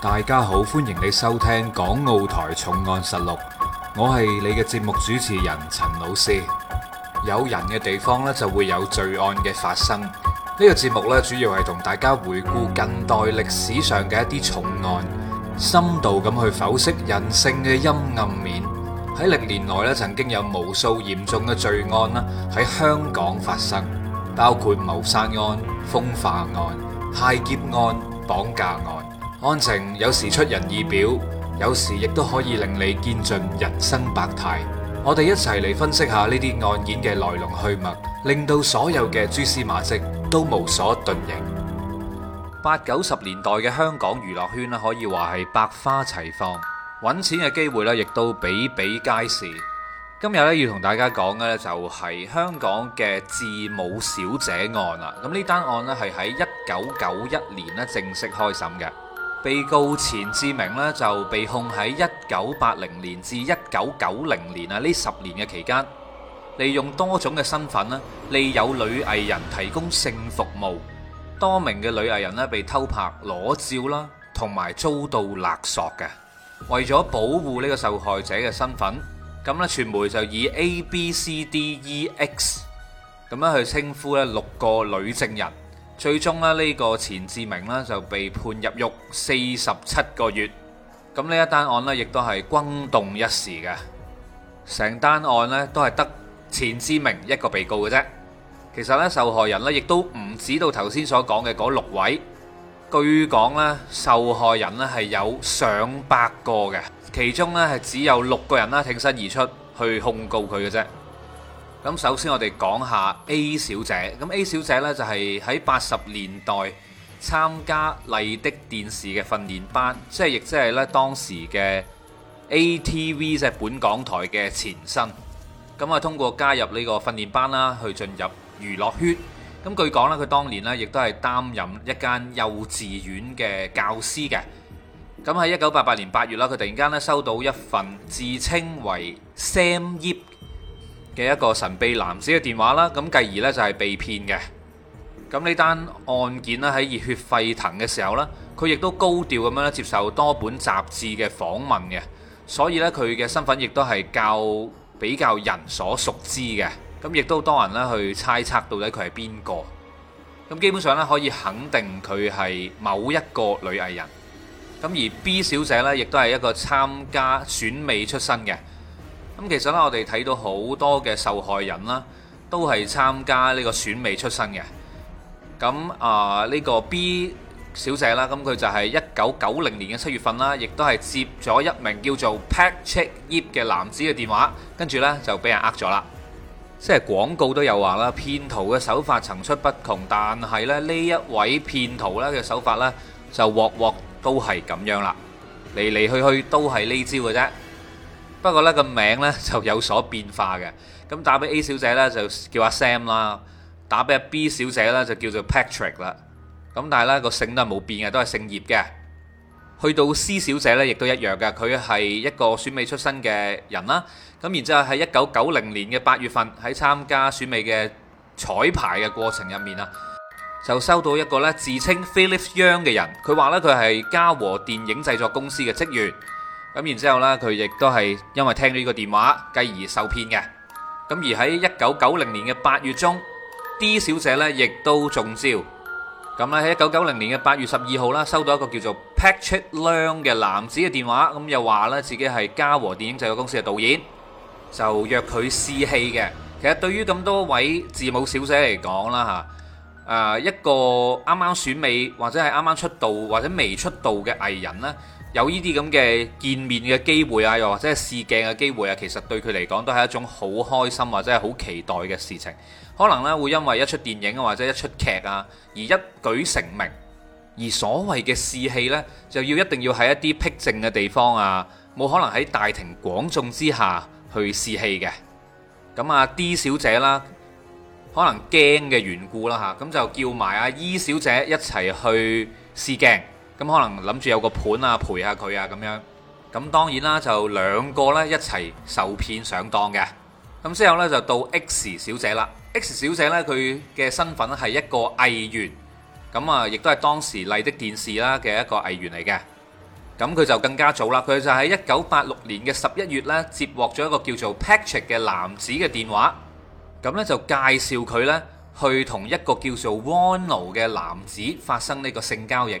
大家好，歡迎你收聽《港澳台重案實錄》，我係你嘅節目主持人陳老師。有人嘅地方呢，就會有罪案嘅發生。呢個節目呢，主要係同大家回顧近代歷史上嘅一啲重案，深度咁去剖析人性嘅陰暗面。喺歷年來呢，曾經有無數嚴重嘅罪案啦，喺香港發生，包括謀殺案、風化案、械劫案、綁架案。案情有時出人意表，有時亦都可以令你見盡人生百態。我哋一齊嚟分析下呢啲案件嘅來龍去脈，令到所有嘅蛛絲馬跡都無所遁形。八九十年代嘅香港娛樂圈咧，可以話係百花齊放，揾錢嘅機會咧亦都比比皆是。今日咧要同大家講嘅咧就係香港嘅字母小姐案啦。咁呢單案咧係喺一九九一年咧正式開審嘅。被告錢志明咧就被控喺一九八零年至一九九零年啊呢十年嘅期間，利用多種嘅身份咧，利誘女藝人提供性服務，多名嘅女藝人咧被偷拍裸照啦，同埋遭到勒索嘅。為咗保護呢個受害者嘅身份，咁咧傳媒就以 A、B、C、D、E、X 咁樣去稱呼咧六個女證人。最終咧，呢個錢志明咧就被判入獄四十七個月。咁呢一單案咧，亦都係轟動一時嘅。成單案咧都係得錢志明一個被告嘅啫。其實咧，受害人咧亦都唔止到頭先所講嘅嗰六位。據講咧，受害人咧係有上百個嘅，其中咧係只有六個人啦挺身而出去控告佢嘅啫。咁首先我哋講下 A 小姐，咁 A 小姐呢，就係喺八十年代參加麗的電視嘅訓練班，即係亦即係呢當時嘅 ATV 即係本港台嘅前身。咁啊，通過加入呢個訓練班啦，去進入娛樂圈。咁據講呢佢當年呢，亦都係擔任一間幼稚園嘅教師嘅。咁喺一九八八年八月啦，佢突然間呢收到一份自稱為 Sam Yap 嘅一個神秘男子嘅電話啦，咁繼而呢就係被騙嘅。咁呢單案件呢，喺熱血沸騰嘅時候呢，佢亦都高調咁樣接受多本雜誌嘅訪問嘅，所以呢，佢嘅身份亦都係較比較人所熟知嘅。咁亦都多人呢去猜測到底佢係邊個？咁基本上呢，可以肯定佢係某一個女藝人。咁而 B 小姐呢，亦都係一個參加選美出身嘅。咁其實咧，我哋睇到好多嘅受害人啦，都係參加呢個選美出身嘅。咁啊，呢、呃這個 B 小姐啦，咁佢就係一九九零年嘅七月份啦，亦都係接咗一名叫做 Patrick Yip 嘅男子嘅電話，跟住呢，就俾人呃咗啦。即係廣告都有話啦，騙徒嘅手法層出不窮，但係咧呢一位騙徒咧嘅手法呢，就鑊鑊都係咁樣啦，嚟嚟去去都係呢招嘅啫。不過呢個名呢就有所變化嘅，咁打俾 A 小姐呢就叫阿 Sam 啦，打俾 B 小姐呢就叫做 Patrick 啦。咁但係呢個姓都係冇變嘅，都係姓葉嘅。去到 C 小姐呢亦都一樣嘅，佢係一個選美出身嘅人啦。咁然之後喺一九九零年嘅八月份，喺參加選美嘅彩排嘅過程入面啊，就收到一個呢自稱 Philip Young 嘅人，佢話呢，佢係嘉禾電影製作公司嘅職員。咁然之後咧，佢亦都係因為聽咗呢個電話，繼而受騙嘅。咁而喺一九九零年嘅八月中，D 小姐咧亦都中招。咁咧喺一九九零年嘅八月十二號啦，收到一個叫做 Patrick Long 嘅男子嘅電話，咁又話咧自己係嘉禾電影製作公司嘅導演，就約佢試戲嘅。其實對於咁多位字母小姐嚟講啦嚇，誒一個啱啱選美或者係啱啱出道或者未出道嘅藝人咧，有呢啲咁嘅見面嘅機會啊，又或者係試鏡嘅機會啊，其實對佢嚟講都係一種好開心或者係好期待嘅事情。可能呢會因為一出電影或者一出劇啊而一舉成名。而所謂嘅試戲呢，就要一定要喺一啲僻靜嘅地方啊，冇可能喺大庭廣眾之下去試戲嘅。咁啊，D 小姐啦，可能驚嘅緣故啦，吓咁就叫埋阿 E 小姐一齊去試鏡。咁可能諗住有個盤啊，陪下佢啊，咁樣咁當然啦，就兩個咧一齊受騙上當嘅。咁之後咧就到 X 小姐啦。X 小姐咧佢嘅身份係一個藝員，咁啊，亦都係當時麗的電視啦嘅一個藝員嚟嘅。咁佢就更加早啦，佢就喺一九八六年嘅十一月咧接獲咗一個叫做 Patrick 嘅男子嘅電話，咁咧就介紹佢咧去同一個叫做 Wanu 嘅男子發生呢個性交易。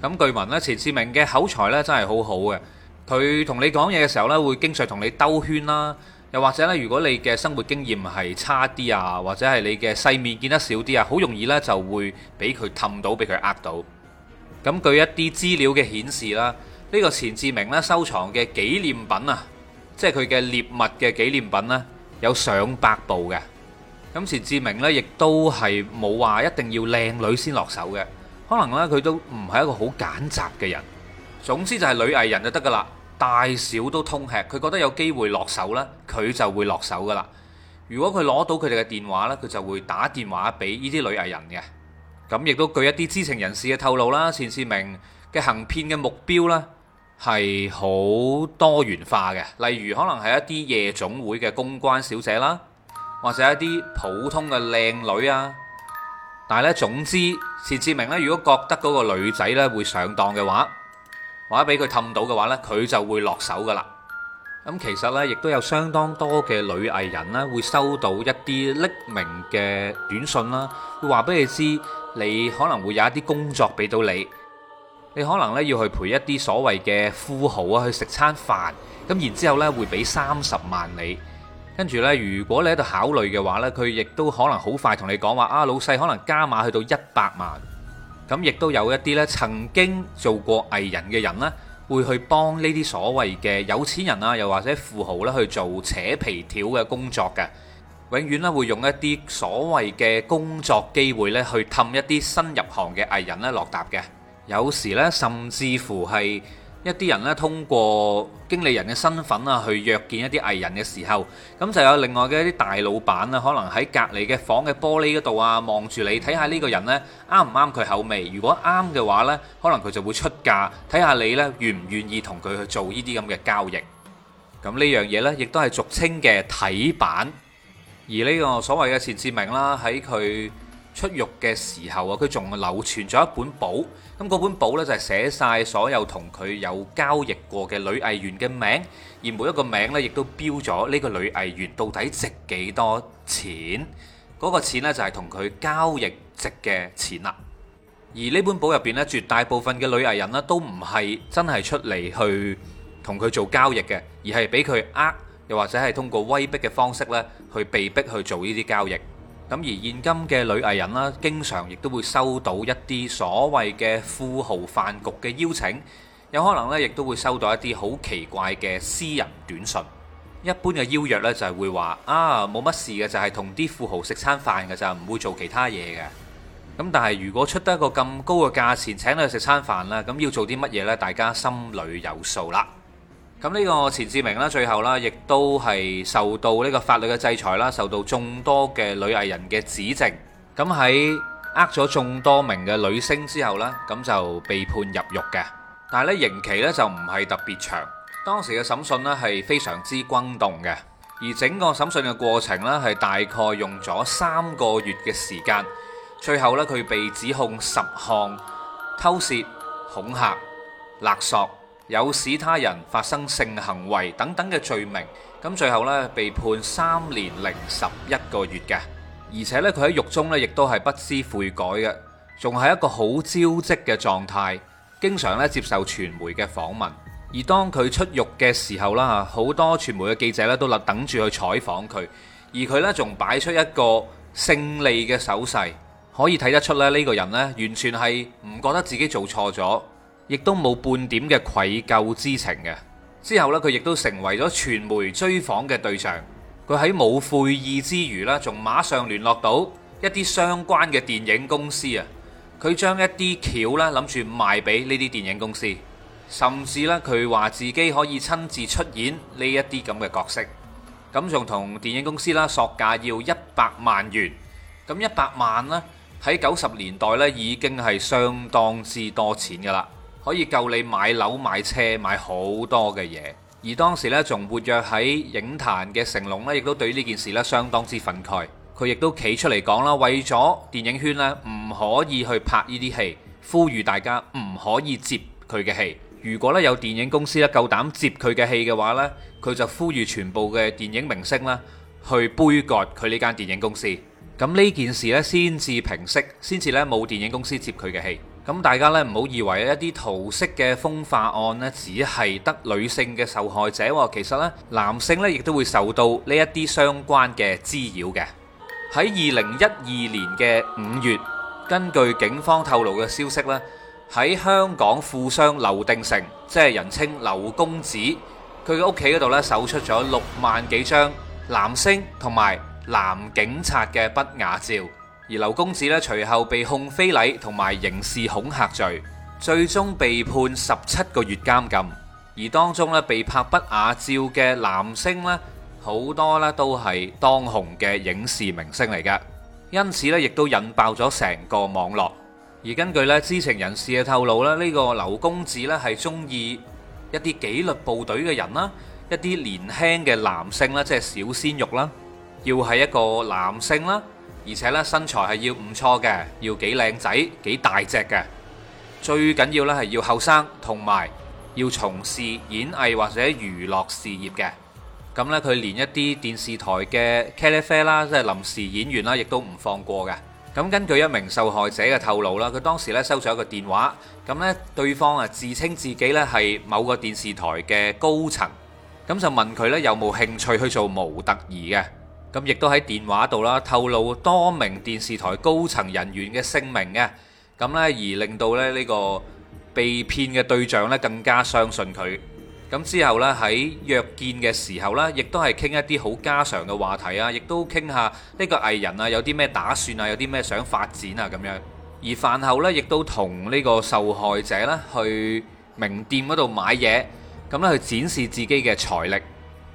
咁據聞呢錢志明嘅口才呢真係好好嘅。佢同你講嘢嘅時候呢會經常同你兜圈啦。又或者呢如果你嘅生活經驗係差啲啊，或者係你嘅世面見得少啲啊，好容易呢就會俾佢氹到，俾佢呃到。咁據一啲資料嘅顯示啦，呢個錢志明呢收藏嘅紀念品啊，即係佢嘅獵物嘅紀念品呢，有上百部嘅。咁錢志明呢，亦都係冇話一定要靚女先落手嘅。可能咧佢都唔係一個好揀擇嘅人，總之就係女藝人就得噶啦，大小都通吃。佢覺得有機會落手咧，佢就會落手噶啦。如果佢攞到佢哋嘅電話咧，佢就會打電話俾呢啲女藝人嘅。咁亦都據一啲知情人士嘅透露啦，錢志明嘅行騙嘅目標咧係好多元化嘅，例如可能係一啲夜總會嘅公關小姐啦，或者一啲普通嘅靚女啊。但係咧，總之，錢志明咧，如果覺得嗰個女仔咧會上當嘅話，或者俾佢氹到嘅話呢，佢就會落手噶啦。咁其實呢，亦都有相當多嘅女藝人啦，會收到一啲匿名嘅短信啦，會話俾你知你可能會有一啲工作俾到你，你可能咧要去陪一啲所謂嘅富豪啊去食餐飯，咁然之後呢，會俾三十萬你。跟住呢，如果你喺度考慮嘅話呢，佢亦都可能好快同你講話啊，老細可能加碼去到一百萬。咁亦都有一啲呢曾經做過藝人嘅人呢，會去幫呢啲所謂嘅有錢人啊，又或者富豪呢去做扯皮條嘅工作嘅。永遠呢會用一啲所謂嘅工作機會呢去氹一啲新入行嘅藝人呢落搭嘅。有時呢，甚至乎係。一啲人咧，通過經理人嘅身份啊，去約見一啲藝人嘅時候，咁就有另外嘅一啲大老闆啊，可能喺隔離嘅房嘅玻璃嗰度啊，望住你睇下呢個人呢，啱唔啱佢口味。如果啱嘅話呢，可能佢就會出價，睇下你呢，願唔願意同佢去做呢啲咁嘅交易。咁呢樣嘢呢，亦都係俗稱嘅睇板。而呢個所謂嘅錢志明啦，喺佢出獄嘅時候啊，佢仲留傳咗一本簿，咁嗰本簿呢就係寫晒所有同佢有交易過嘅女藝員嘅名，而每一個名呢亦都標咗呢個女藝員到底值幾多錢，嗰個錢呢就係同佢交易值嘅錢啦。而呢本簿入邊呢，絕大部分嘅女藝人呢都唔係真係出嚟去同佢做交易嘅，而係俾佢呃，又或者係通過威逼嘅方式呢去被逼去做呢啲交易。咁而現今嘅女藝人啦，經常亦都會收到一啲所謂嘅富豪飯局嘅邀請，有可能咧，亦都會收到一啲好奇怪嘅私人短信。一般嘅邀約咧、啊，就係會話啊，冇乜事嘅，就係同啲富豪食餐飯嘅就唔會做其他嘢嘅。咁但係如果出得一個咁高嘅價錢請你食餐飯啦，咁要做啲乜嘢呢？大家心裏有數啦。咁呢個錢志明呢，最後呢亦都係受到呢個法律嘅制裁啦，受到眾多嘅女藝人嘅指證。咁喺呃咗眾多名嘅女星之後呢，咁就被判入獄嘅。但係呢刑期呢，就唔係特別長。當時嘅審訊呢，係非常之轟動嘅，而整個審訊嘅過程呢，係大概用咗三個月嘅時間。最後呢，佢被指控十項偷竊、恐嚇、勒索。有使他人發生性行為等等嘅罪名，咁最後咧被判三年零十一個月嘅，而且咧佢喺獄中咧亦都係不知悔改嘅，仲係一個好招積嘅狀態，經常咧接受傳媒嘅訪問。而當佢出獄嘅時候啦，好多傳媒嘅記者咧都立等住去採訪佢，而佢咧仲擺出一個勝利嘅手勢，可以睇得出咧呢個人咧完全係唔覺得自己做錯咗。亦都冇半點嘅愧疚之情嘅。之後呢，佢亦都成為咗傳媒追訪嘅對象。佢喺冇悔意之餘呢，仲馬上聯絡到一啲相關嘅電影公司啊。佢將一啲橋呢諗住賣俾呢啲電影公司，甚至呢佢話自己可以親自出演呢一啲咁嘅角色。咁仲同電影公司啦索價要一百萬元。咁一百萬呢喺九十年代呢已經係相當之多錢㗎啦。可以夠你買樓、買車、買好多嘅嘢，而當時咧仲活躍喺影壇嘅成龍呢，亦都對呢件事咧相當之憤慨。佢亦都企出嚟講啦，為咗電影圈咧唔可以去拍呢啲戲，呼籲大家唔可以接佢嘅戲。如果咧有電影公司咧夠膽接佢嘅戲嘅話呢，佢就呼籲全部嘅電影明星啦去杯葛佢呢間電影公司。咁呢件事咧先至平息，先至咧冇電影公司接佢嘅戲。咁大家呢唔好以為咧一啲桃色嘅風化案呢，只係得女性嘅受害者喎。其實呢，男性呢亦都會受到呢一啲相關嘅滋擾嘅。喺二零一二年嘅五月，根據警方透露嘅消息呢，喺香港富商劉定成，即係人稱劉公子，佢嘅屋企嗰度呢，搜出咗六萬幾張男性同埋男警察嘅不雅照。而劉公子咧，隨後被控非禮同埋刑事恐嚇罪，最終被判十七個月監禁。而當中咧被拍不雅照嘅男星咧，好多咧都係當紅嘅影視明星嚟㗎，因此咧亦都引爆咗成個網絡。而根據咧知情人士嘅透露咧，呢、這個劉公子咧係中意一啲紀律部隊嘅人啦，一啲年輕嘅男性，啦，即係小鮮肉啦，要係一個男性。啦。而且咧身材係要唔錯嘅，要幾靚仔、幾大隻嘅，最緊要咧係要後生，同埋要從事演藝或者娛樂事業嘅。咁咧佢連一啲電視台嘅茄哩啡啦，即係臨時演員啦，亦都唔放過嘅。咁根據一名受害者嘅透露啦，佢當時咧收咗一個電話，咁咧對方啊自稱自己咧係某個電視台嘅高層，咁就問佢咧有冇興趣去做模特兒嘅。咁亦都喺電話度啦，透露多名電視台高層人員嘅姓名嘅，咁咧而令到咧呢個被騙嘅對象咧更加相信佢。咁之後咧喺約見嘅時候咧，亦都係傾一啲好家常嘅話題啊，亦都傾下呢個藝人啊有啲咩打算啊，有啲咩想發展啊咁樣。而飯後咧，亦都同呢個受害者咧去名店嗰度買嘢，咁咧去展示自己嘅財力。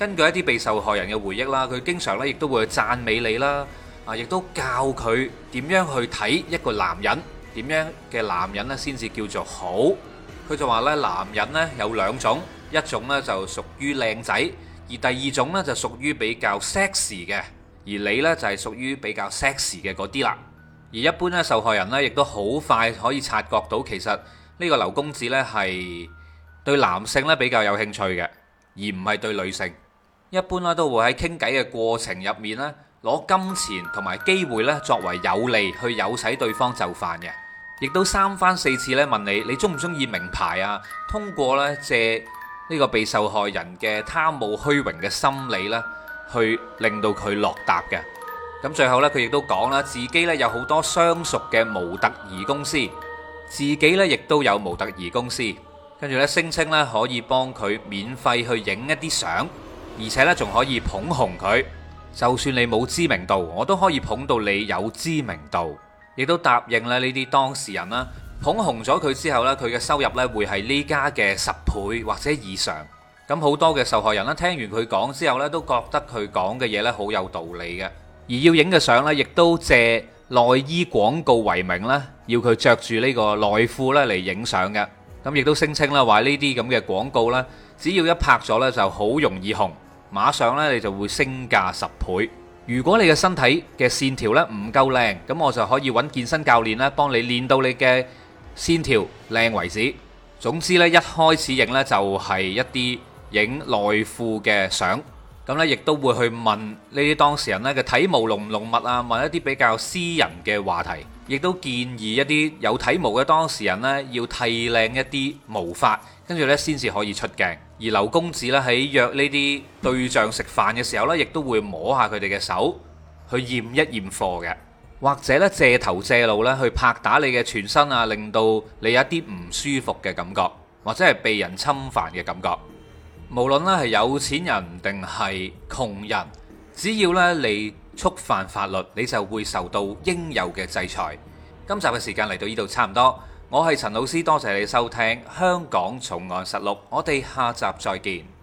根據一啲被受害人嘅回憶啦，佢經常咧亦都會讚美你啦，啊，亦都教佢點樣去睇一個男人點樣嘅男人呢先至叫做好。佢就話呢，男人呢有兩種，一種呢就屬於靚仔，而第二種呢就屬於比較 sex 嘅，而你呢，就係屬於比較 sex 嘅嗰啲啦。而一般呢，受害人呢亦都好快可以察覺到，其實呢個劉公子呢係對男性呢比較有興趣嘅，而唔係對女性。一般咧都會喺傾偈嘅過程入面咧攞金錢同埋機會咧作為有利去誘使對方就範嘅，亦都三番四次咧問你你中唔中意名牌啊？通過咧借呢個被受害人嘅貪慕虛榮嘅心理咧，去令到佢落答嘅。咁最後咧佢亦都講啦，自己咧有好多相熟嘅模特兒公司，自己咧亦都有模特兒公司，跟住咧聲稱咧可以幫佢免費去影一啲相。而且咧仲可以捧紅佢，就算你冇知名度，我都可以捧到你有知名度。亦都答應咧呢啲當事人啦，捧紅咗佢之後咧，佢嘅收入咧會係呢家嘅十倍或者以上。咁好多嘅受害人啦，聽完佢講之後咧，都覺得佢講嘅嘢咧，好有道理嘅。而要影嘅相咧，亦都借內衣廣告為名啦，要佢着住呢個內褲咧嚟影相嘅。咁亦都聲稱啦，話呢啲咁嘅廣告咧，只要一拍咗咧就好容易紅。馬上咧，你就會升價十倍。如果你嘅身體嘅線條咧唔夠靚，咁我就可以揾健身教練咧幫你練到你嘅線條靚為止。總之呢，一開始影呢就係一啲影內褲嘅相，咁呢亦都會去問呢啲當事人呢嘅體毛濃唔濃密啊，問一啲比較私人嘅話題，亦都建議一啲有體毛嘅當事人呢，要剃靚一啲毛髮，跟住呢，先至可以出鏡。而劉公子咧喺約呢啲對象食飯嘅時候呢，亦都會摸下佢哋嘅手，去驗一驗貨嘅，或者呢借頭借路呢去拍打你嘅全身啊，令到你有一啲唔舒服嘅感覺，或者係被人侵犯嘅感覺。無論呢係有錢人定係窮人，只要呢你觸犯法律，你就會受到應有嘅制裁。今集嘅時間嚟到呢度差唔多。我係陳老師，多謝你收聽《香港重案實錄》，我哋下集再見。